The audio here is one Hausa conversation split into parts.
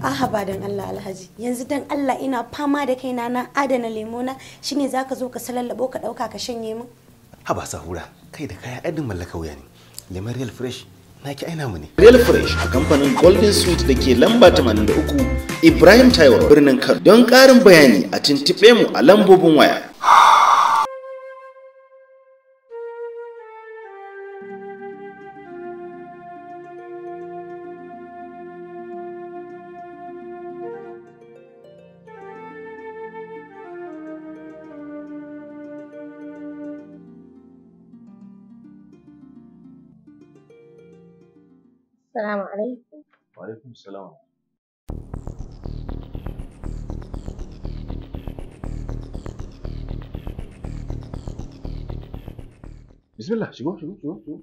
Ahaba ba dan Allah Alhaji yanzu dan Allah ina fama da kaina na adana lemona shine zaka zo ka salallabo ka ɗauka ka shanye min. Haba sahura kai da kaya ɗan mallaka wuya ne. Lemon Real Fresh naki aina mu ne. Real Fresh a kamfanin Golden Sweet da ke lamba 83 Ibrahim Taiwo birnin Kano. Don ƙarin bayani a tintiɓe mu a lambobin waya السلام عليكم وعليكم السلام بسم الله شقوق شقوق شقوق شقوق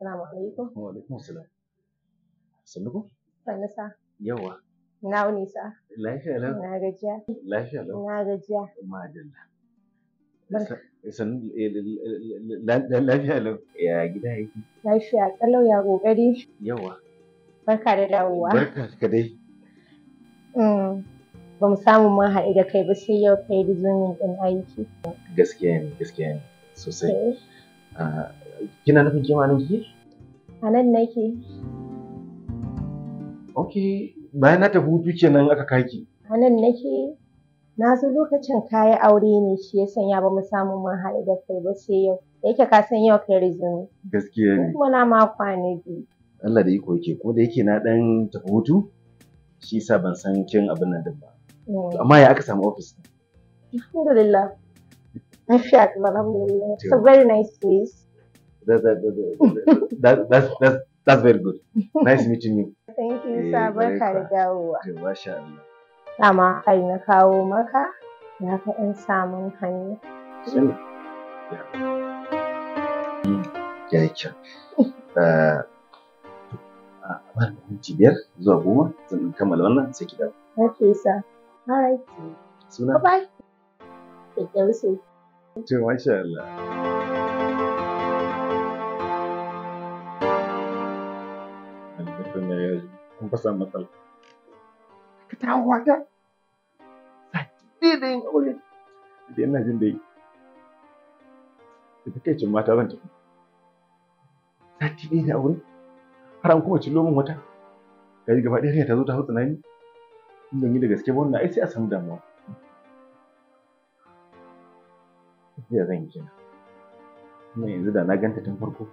السلام عليكم وعليكم السلام احسن لكم؟ فانا ساعة يوا ناوني ساعة لا شيء لا لا رجال لا شيء لا رجال ما ادري Eh, lafiya lau ya gida yake lafiya kalau ya kokari yawa barka da dawowa barka ka dai mm, ba mu samu mun haɗu da kai ba sai yau kai bizonin ɗin aiki gaskiya ne gaskiya ne sosai eh. ah, kina nufin kima nan ki a nan nake ok bayan na tafi hutu kenan aka kaki a nan nake na zo lokacin kayi aure ne shi ya sanya ba mu samu mun haɗu da kai ba sai yau da yake ka san yau kai rizumi gaskiya ne kuma na ma kwana biyu Allah da iko yake ko da yake na dan tafi hutu shi yasa ban san kin abin nan din ba mm. amma ya aka samu office din alhamdulillah lafiya kuma alhamdulillah it's a very nice place that, that, that, that, that's, that's, that's very good nice meeting you thank you eh, sir barka da dawowa masha Allah dama kai na kawo maka ya ka samun hanya. Ya yi kyau. Eh, a biyar zuwa goma zan kammala wannan sai ki dawo. sa. Alright. Suna. Bye bye. sai. To masha Allah. Kun fasa matsala. ka ta wata sati da yin aure da ina jin da yi da takaicin mata zan tafi sati ɗaya da aure har an kuma cillo wata ga yi gaba ɗaya ta zo ta hau tsanani in ban yi da gaske ba wannan ai sai a samu damuwa tafiya zan yi kenan kuma yanzu da na ganta tun farko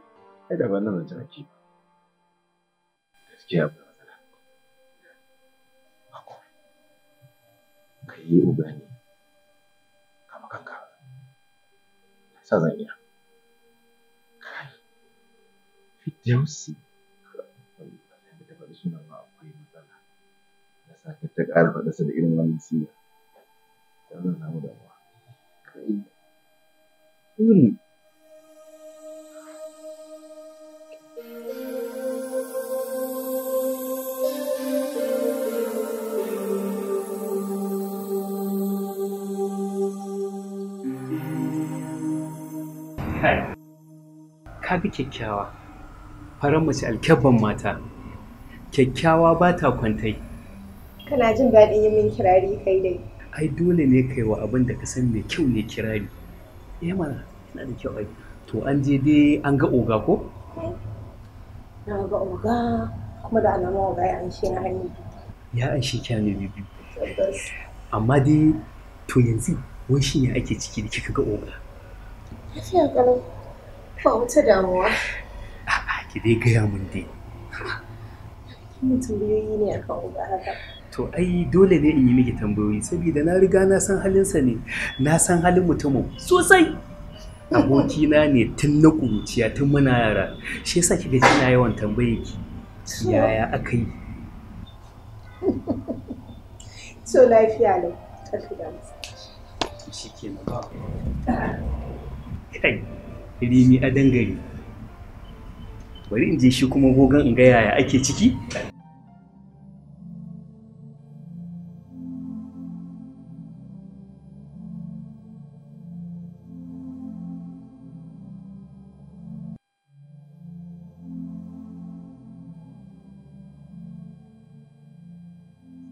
ai da ba nan zan ci gaskiya ba ka yi ogani kama kanka sa zan iya kai suna akwai matsala da sake ta ƙara faɗarsa da irin wannan siya don zan samu damuwa kai kai ka fi kyakkyawa farar mace alkyabban mata kyakkyawa ba ta kwantai kana jin daɗin yi min kirari kai dai ai dole ne kai wa abin da ka san mai kyau ne kirari eh mana yana da kyau ai to an je dai an ga oga ko eh, na ga oga kuma da alama oga ya anshe na hannu ya anshe ki ne biyu amma dai to yanzu wai shi ne ake ciki da kika ga oga Lafiya ƙalau. Ba wata damuwa. A'a ki dai gaya mun dai. Kin tambayoyi ne akan uba haka. To ai dole ne in yi miki tambayoyi saboda na riga na san halinsa ne, na san halin mutumin sosai. Abokina ne tun na kuruciya tun muna yara, shi yasa kiga kina yawan tambaye ki yaya aka yi. So lafiya lau, karfi da musu. Shi ke ba. kai rimi a dangare bari in je shi kuma gogon in ga yaya ake ciki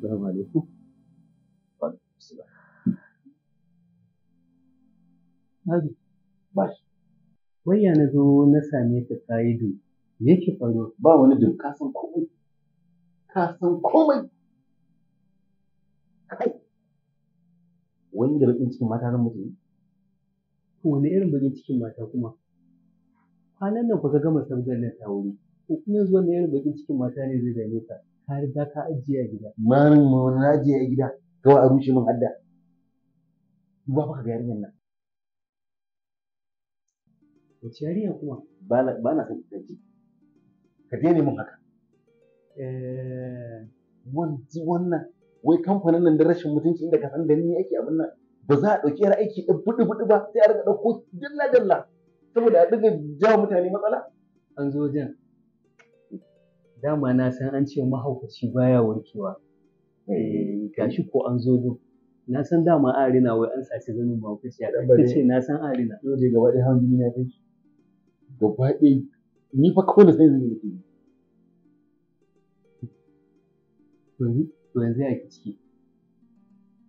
Assalamu alaikum. ba shi wai ya na zo na same ka ta yi dun yake faruwa ba wani dun ka san komai ka san komai wani da bakin cikin mata nan mutum to wani irin bakin cikin mata kuma kwanan nan fa ka gama sabgar nan ta wuri ko kuma yanzu wani irin bakin cikin mata ne zai dame ka ka riga ka ajiye a gida marin mu na ajiye a gida kawai a rushe min hadda Ba fa ka ga yarinyar nan wace yarinya kuma ba na san ɗanki ka daina min haka wanzu eh, wannan wai kamfanin nan da rashin mutunci inda ka san da ni ake abin nan ba za a ɗauki yara aiki ɗin buɗi buɗi ba sai a riga ɗauko dalla dalla saboda a ɗiga jawo mutane matsala an zo jan dama na san an ce mahaukaci baya warkewa eh, gashi ko an zo gun na san dama arina wai an sace zanin mahaukaci a ce na san arina yau dai gaba ɗaya hannu na kai gaba ni fa da sai zai to yanzu ya ciki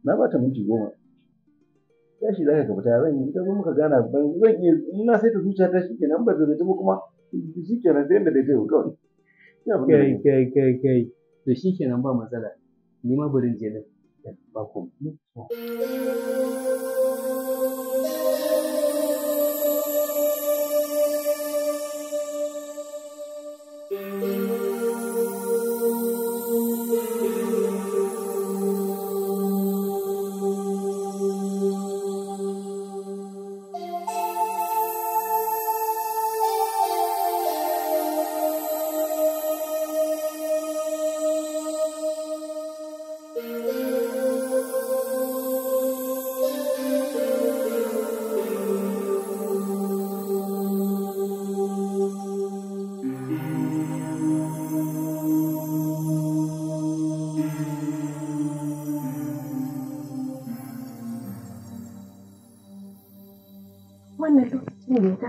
na ba ta minti goma ya shi za ka gaba ta zan yi muka gana ban zan iya na saita zuciya ta shi kenan ba zai kuma shi kenan sai yadda da kawai kai kai kai kai to shi kenan ba matsala ni ma bari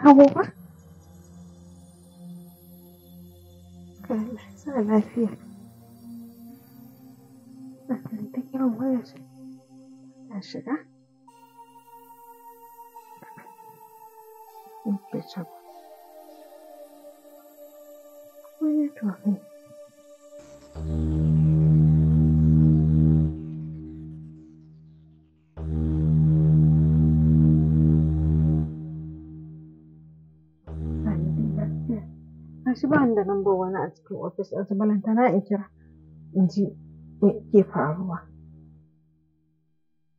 kawo ba Allah sa lafiya na kan shiga in ke cewa wani to shi ba ni da lambar wani a cikin ofis ɗinsa balantana in kira in ji me ke faruwa.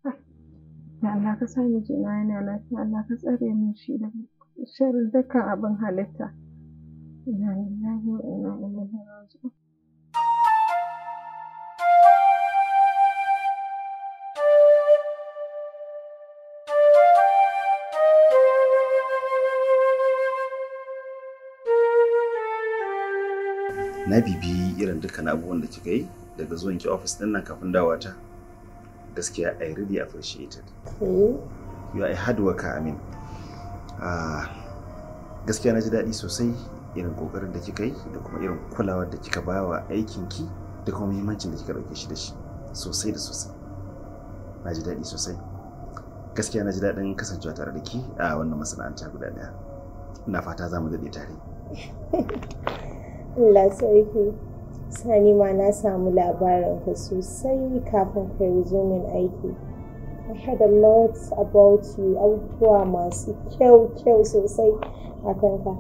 Ya ah, Allah ka sani jina yana lafiya Allah ka tsare min shi da sharri dukkan abin halitta. Ina lillahi wa ina ilaihi raji'un. na bibi irin dukkan abubuwan da kika yi daga zuwan ki office din nan kafin dawa ta gaskiya i really appreciate it you are a hard worker i mean ah gaskiya na ji daɗi sosai irin kokarin da kika yi da kuma irin kulawar da kika bawa aikin ki da kuma muhimmancin da kika dauke shi da shi sosai da sosai na ji daɗi sosai gaskiya na ji daɗin kasancewa tare da ki a wannan masana'anta guda ɗaya ina fata za mu daɗe tare Allah sarki sani ma na samu labarin ka sosai kafin ka yi aiki I had a lot about you abubuwa masu kyau kyau sosai a kanka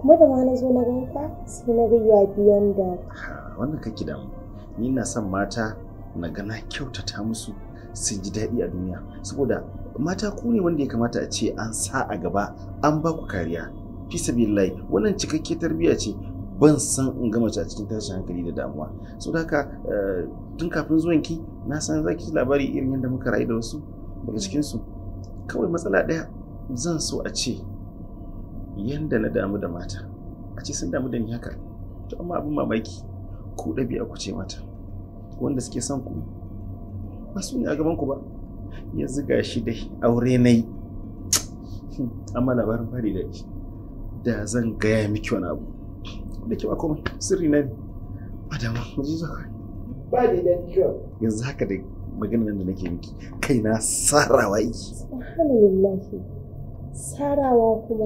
kuma da ma na zo na ganka sai na ga biyan da. Wanda ka damu ni na son mata na gana kyautata musu su ji daɗi a duniya saboda mata ku ne wanda ya kamata a ce an sa a gaba an ba ku kariya fi sabilillahi wannan cikakke tarbiyya ce ban san in gama a cikin tashin hankali da damuwa so da haka eh, tun kafin zuwan ki na san za ki labari irin yadda muka rayu da wasu daga cikin su kawai matsala ɗaya zan so a ce yanda na damu da mata a ce sun damu da ni haka to amma abin mamaki ku ɗabi'a ku ce mata wanda suke son ku ba su ne a gaban ku ba yanzu ga shi dai aure na yi amma labarin fari da shi da zan gaya miki wani abu da kyau a koma sirri na ne ba dama mu je zuwa ba da kyau yanzu haka da maganar nan da nake miki kai na sarawa yi subhanallah sarawa kuma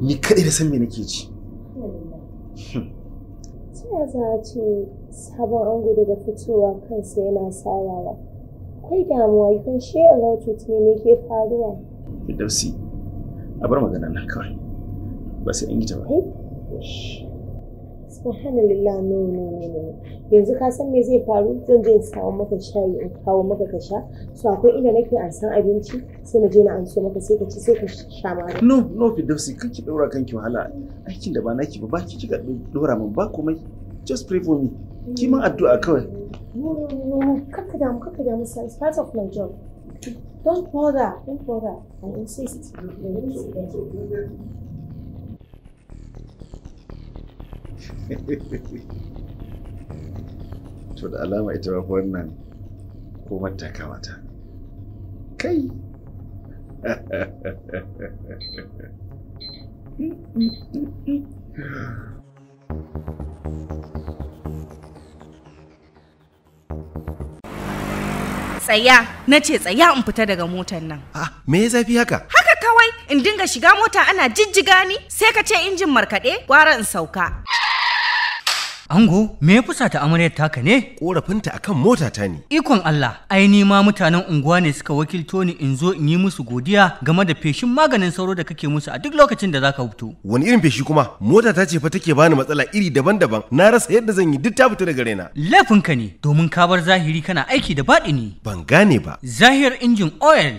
ni kadai da san me nake ci ta ya za a ce sabon ango daga fitowa kansa yana sarawa kai damuwa you can share about with me me ke faruwa Fidausi, a bar magana na kawai. ba sai an yi ba eh? subhanallah no no no no yanzu ka san me zai faru zan je in kawo maka shayi in kawo maka ka sha so akwai inda nake an san abinci sai na je na an so maka sai ka ci sai ka sha ma no no kan ki daura kanki wahala aikin da ba naki ba ba baki kika daura min ba komai just pray for me ki ma addu'a kawai no no no kaka mu kaka da mu sai part of my job don't bother don't bother i insist to da alama ita ba wannan ko mata kamata kai tsaya na ce tsaya in fita daga motar nan. Ah, me ya zafi haka? Haka kawai in dinga shiga mota ana jijjiga ni sai ka ce injin markaɗe gwara in sauka. Ango, me ya fusata amaryar taka ne? Korafinta akan mota ta ne. Ikon Allah, ai ni ma mutanen unguwa ne suka wakilto ni in zo in yi musu godiya game da feshin maganin sauro da kake musu a duk lokacin da za ka fito. Wani irin feshi kuma? Mota ta ce fa take bani matsala iri daban-daban. Na rasa yadda zan yi duk ta fita daga raina. Laifinka ne, domin ka bar zahiri kana aiki da baɗi ne. Ban gane ba. Zahir injin oil.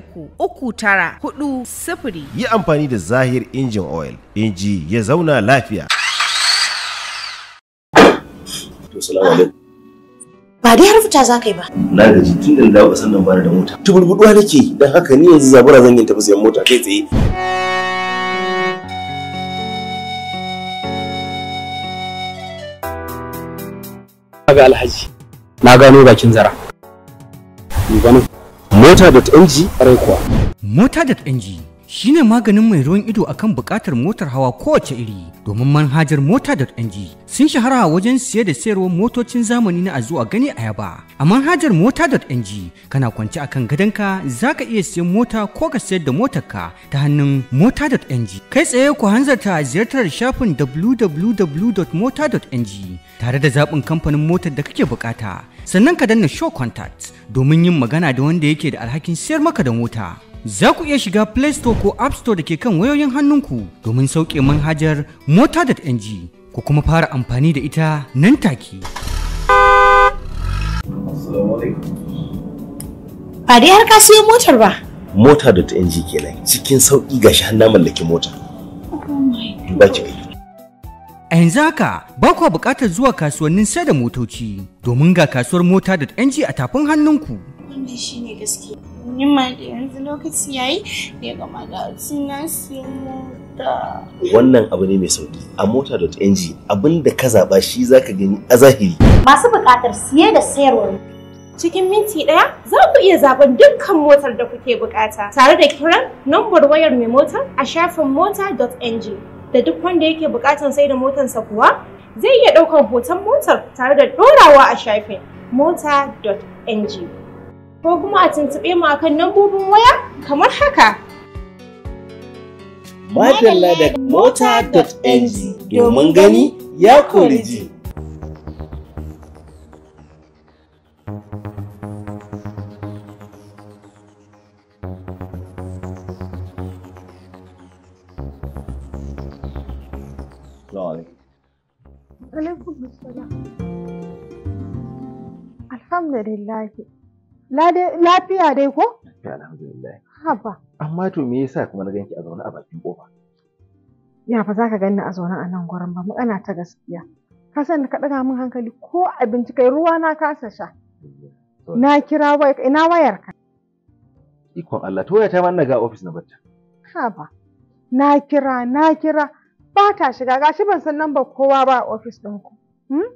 uku uku tara hudu sifiri. Yi amfani da Zahir injin oil, inji ya zauna lafiya. Ba dai har fita za ka yi ba. Na gaji tun da na dawo nan bani da mota. Tuburbuɗuwa nake don haka ni yanzu zabura zan yi tafi sayan mota kai tsaye. ga alhaji na gano bakin zara. gano. mota.ng raikwa kuwa mota.ng shine maganin mai ruwan ido akan buƙatar motar hawa kowace iri domin manhajar mota.ng sun shahara wajen siye da sayarwar motocin zamani na azu a gani a yaba a manhajar mota.ng kana kwance akan gadonka za ka iya siyan mota ko ka sayar da motar ka ta hannun mota.ng kai tsaye ku hanzarta ziyartar shafin www.mota.ng tare da zaɓin kamfanin motar da kake buƙata sannan ka danna show contact domin yin magana da wanda yake da alhakin siyar maka da mota. Za ku iya shiga Play Store ko App Store da ke kan wayoyin hannunku domin sauƙe manhajar mota.ng ku kuma fara amfani da ita nan take. Ba dai har ka siyo motar ba. Mota.ng kenan cikin sauƙi ga shi hannun mallaki mota. Oh ba ki A yanzu haka ba kwa buƙatar zuwa kasuwannin sai da motoci domin ga kasuwar mota da NG a tafin hannunku. Wanda shi ne gaske. Nima da yanzu lokaci yayi da ya gama da na siyo mota. Wannan abu ne mai sauki. A mota.ng abin da ka zaɓa shi za ka gani a zahiri. Masu buƙatar siye da sayarwar cikin minti ɗaya za ku iya zaɓen dukkan motar da kuke buƙata tare da kiran nambar wayar mai motar a shafin mota.ng. da duk wanda yake buƙatar sai da motarsa kuwa zai iya ɗaukar hoton motar tare da ɗorawa a shafin mota.ng ko kuma a tuntube mu akan nambobin waya kamar haka. Madalla da mota.ng domin gani ya kori ji. Alhamdulillah. Lafiya dai ko? Alhamdulillah. Haba. Amma to me yasa kuma na ganki a zaune a bakin kofa? Ya fa za ka ganni a zaune a nan gurin ba magana ta gaskiya. Ka san ka ɗaga min hankali ko abinci kai ruwa na kasa sha. Na kira waya ina wayar ka. Ikon Allah ta wayata ma ina ga ofis na batta. Haba. Na kira na kira ba ta shiga gashi ban san nan ba kowa ba office ɗinku. Hmm?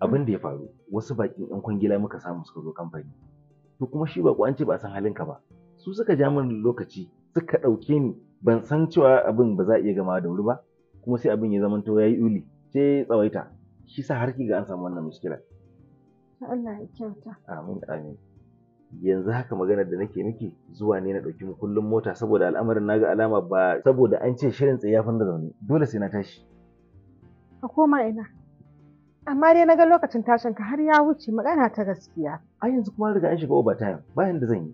abin hmm. da ya faru wasu bakin yan kwangila muka samu suka zo kamfani to kuma shi bako an ce ba san halinka ba su suka ja min lokaci suka ɗauke ni ban san cewa abin ba za a iya gama da wuri ba kuma sai abin ya zamanto ya yi uli sai tsawaita shi sa har ga an samu wannan muskila Allah ya kyauta amin amin yanzu haka maganar da nake miki zuwa ne na ɗauki kullum mota saboda al'amarin naga alama ba saboda an ce shirin tsayafin da zaune dole sai na tashi ka koma ina amma dai na ga lokacin tashin ka har ya wuce magana ta gaskiya a yanzu kuma riga an shiga overtime bayan da zan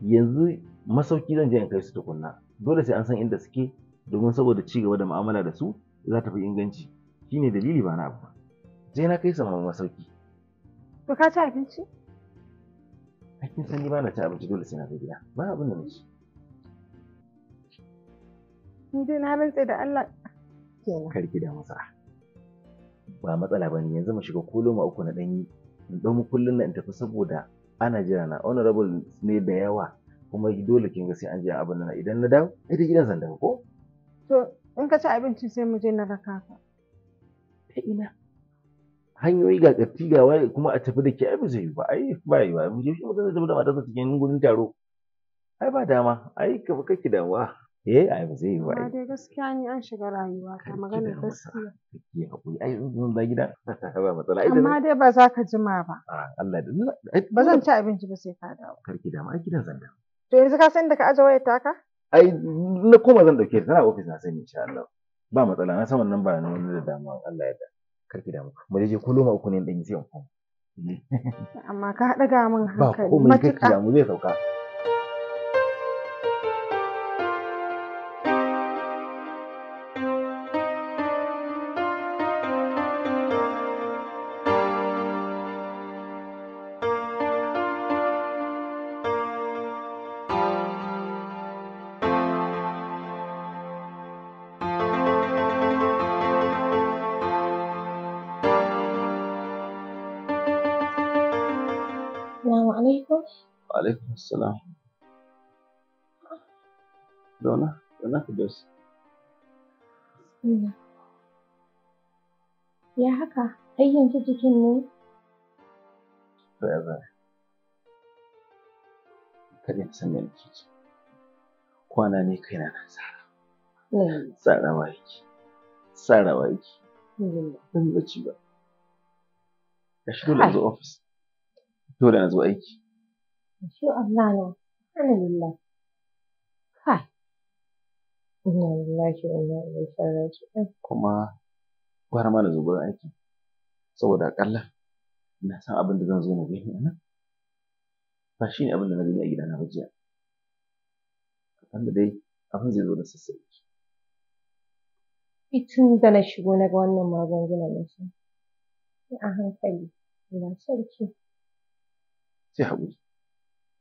yi yanzu masauki zan je in kai su tukunna dole sai an san inda suke domin saboda ci gaba da mu'amala da su za ta fi inganci shine dalili ba na abu je na kai su masauki to ka ci abinci kin sani ni ba na ci abinci dole sai na kai gida ba abin da na ci ni dai na rantse da Allah karki da masa ba matsala bane yanzu mu shiga kullum a uku na danyi in dau mu kullun na in tafi saboda ana jira na honorable ne da yawa kuma dole kin ga sai an je abin nan idan na dawo da gidan zan dawo ko to in ka ci abinci sai mu je na raka ka ta ina hanyoyi ga ƙarfi ga waye kuma a tafi da ke ai ba zai yi ba ai ba yi ba mu je shi mutum zai tafi da matarsa cikin gurin taro ai ba dama ai ka kake damuwa eh ai ba zai yi ba dai gaskiya ni an shiga rayuwa ta magana gaskiya ki hakuri ai mun ba gida ba matsala amma dai ba za ka jima ba Allah da ba zan ci abinci ba sai ka dawo karki da ma gidan zan dawo to yanzu ka san da ka aje wayar taka ai na koma zan dauke ta tana office na sani insha Allah ba matsala na san wannan ba na wani da damuwa Allah ya da karki da mu mu je ko loma uku ne dan yi sai in koma amma ka daga min hankali matuƙa ba komai kake da mu zai sauka السلام دونة دونة فردوس ya haka ai yanzu jikin ne to na me nake ji na hmm. tsara wa yake tsara wa yake hmm. ban bacci ba na zo ofis dole na zo aiki Ashe Allah na, ana lillah. Kai. Ina lillahi wa ina ilaihi raji'un. Kuma gwara mana zubar aiki. Saboda akalla ina san abin da zan zo na gani anan. Ba shi ne abin da na gani a gidana na bajiya Wanda dai abin zai zo da sassauci. Tun da na shigo na ga wannan magungunan na shi A hankali, ina sarki. Sai haƙuri.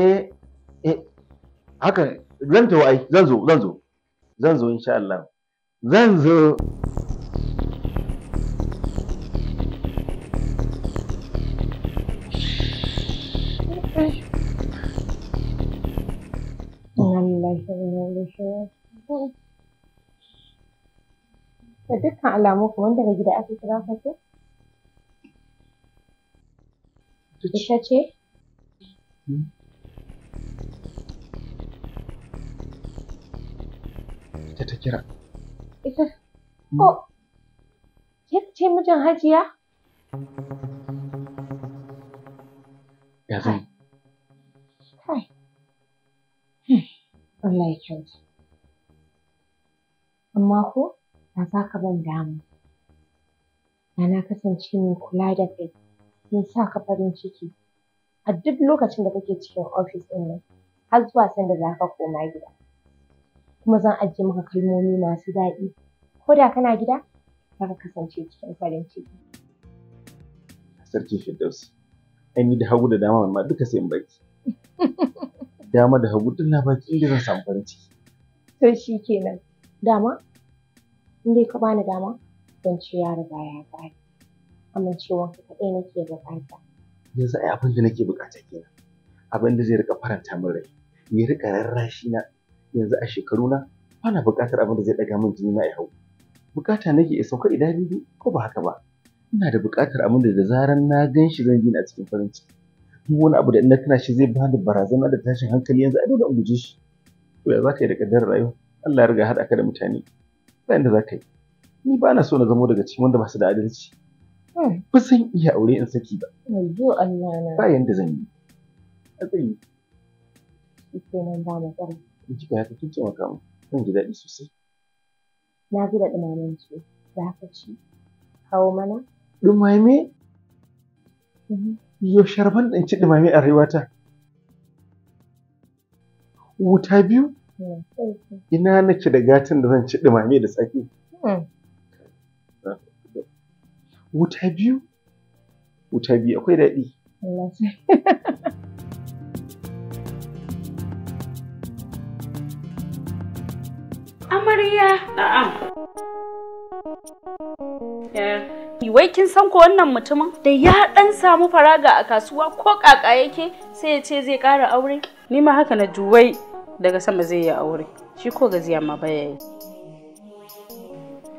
eh eh haka zan tawo ai zan zo zan zo zan zo insha Allah zan zo Da dukkan alamu kuma daga gida aka kira ka ce? Ita ce? Hmm? ita ta kira. Ita? Ko, ce mijin hajiya? Ya zai. Kai. Hmm. Allah ya kyauta. Amma ko, ba za ka ban damu. Ba na kasance mai kula da kai, mai sa ka farin ciki. A duk lokacin da kake cikin ofis ɗin nan, har zuwa sanda za ka koma gida. kuma zan ajiye maka kalmomi masu daɗi ko da kana gida za ka kasance cikin farin ciki. Sarki Firdaus, an yi da hagu da dama amma duka sai in baki. Dama da hagu duk na baki inda zan samu farin ciki. To shi kenan, dama? In dai ka bani dama, zan ce ya riga ya ƙare. Amincewa ka kaɗai nake buƙata. Yanzu ai abin da nake buƙata kenan. Abin da zai riƙa faranta min rai, ya riƙa rarrashi na yanzu a shekaru na bana buƙatar abin da zai ɗaga min jini na ya hau buƙata nake ya sauka idan bibi ko ba haka ba ina da buƙatar abin da da zaran na gan shi zan ji a cikin farin ciki duk wani abu da ina tana shi zai bani barazana da tashin hankali yanzu a dole in guje shi to ya zaka yi da kaddarar rayuwa Allah ya riga haɗa ka da mutane ba inda zaka yi ni ba na so na zamo daga cikin wanda ba su da adalci ba zan iya aure in saki ba ba yanda zan yi a zan yi ba in kika haka kin taimaka mu zan ji daɗi sosai na ji daɗi ɗumamen ki za ka ci kawo mana ɗumame mhm. yo sharban ɗin ci ɗumame a rayuwata wuta biyu ina nake da gatan da zan ci ɗumame da tsaki hmm. wuta biyu wuta biyu akwai daɗi Amarya. Na'am. Iwai kin san ko wannan mutumin da ya dan samu faraga a kasuwa ko kaka yake sai ya ce zai kara aure ni ma haka na juwai daga sama zai yi aure shi ko gaziya ma baya yi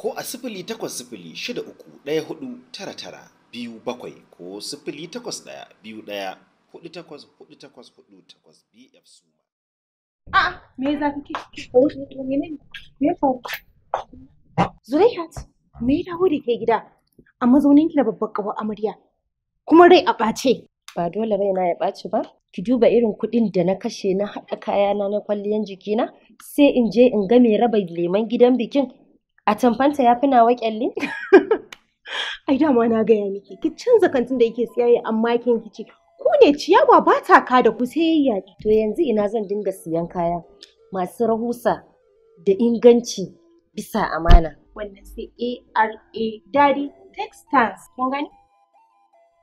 ko a sifili takwas sifili shida uku ɗaya hudu tara tara biyu bakwai ko sifili takwas ɗaya biyu ɗaya hudu takwas hudu takwas hudu takwas bf suma. A'a me za ka ke? Me ya faru? Zulaihat me ya dawo da ke gida a ki da babbar kawo amarya kuma rai a ɓace. Ba dole raina ya ɓace ba. Ki duba irin kuɗin da na kashe na haɗa kayana na kwalliyan jikina sai in je in ga me raba leman gidan bikin a tamfanta ya fi nawa kyalle ai dama na gaya miki ki canza kantin da yake siyayya amma kin kici ku ne ciyawa ba ta ka da ku sai yayya to yanzu ina zan dinga siyan kaya masu rahusa da inganci bisa amana wannan sai ARA Daddy Textiles kun gani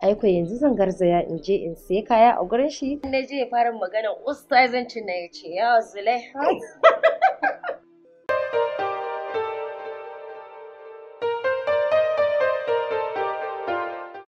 aiko yanzu zan garzaya in je in sai kaya a gurin shi na je fara magana ustazancin na ya ce yawa zulai